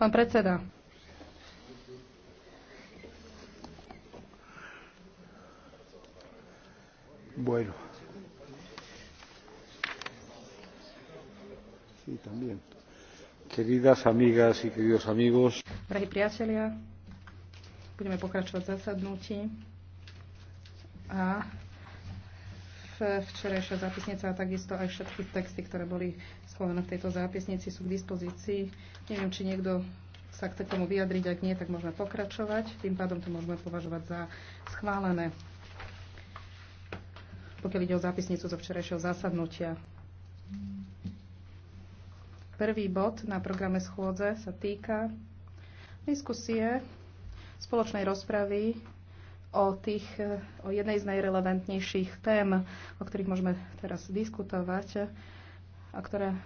Pán predseda. Bueno. Sí, también. Queridas amigas y queridos amigos. Drahí priatelia, budeme pokračovať zasadnutí. A Včerajšia zápisnica a takisto aj všetky texty, ktoré boli schované v tejto zápisnici, sú k dispozícii. Neviem, či niekto sa chce k tomu vyjadriť. Ak nie, tak môžeme pokračovať. Tým pádom to môžeme považovať za schválené. Pokiaľ ide o zápisnicu zo včerajšieho zasadnutia. Prvý bod na programe schôdze sa týka diskusie spoločnej rozpravy o, tých, o jednej z najrelevantnejších tém, o ktorých môžeme teraz diskutovať a ktoré